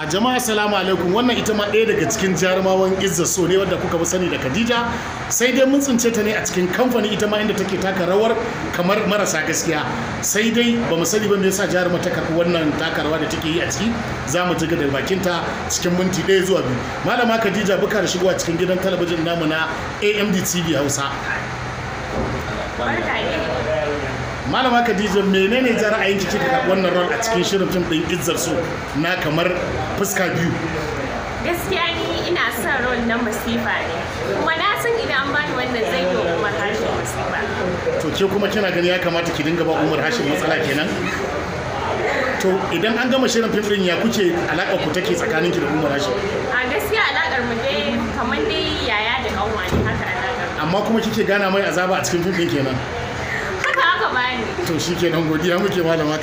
a jama'a salamu alaikum wannan ita ma ɗaya daga cikin jarumawan izza so ne wadda kuka fi sani da khadija sai dai mun tsince ta ne a cikin kamfani ita ma inda take taka rawar kamar marasa gaskiya sai dai ba mu sani ba me yasa jaruma ta karɓi wannan taka rawa da take yi a ciki za mu jiga da ta cikin minti ɗaya zuwa biyu malama khadija buka da shigowa cikin gidan talabijin namu na amd tv hausa malama khadija menene za ra'ayin kike da wannan rol a cikin shirin fim din izzar su na kamar fuska biyu gaskiya ni ina son rol na masifa ne kuma na san idan an bani wannan zai yi umar hashim masifa to ke kuma kina gani ya kamata ki dinga ba umar hashim matsala kenan to idan an gama shirin fim din ya kuke alaka ku take tsakanin ki da umar hashim a gaskiya alakar mu dai kamar dai yaya da kanwa ne haka alakar amma kuma kike gana mai azaba a cikin fim din kenan ne to shikenan godiya muke malama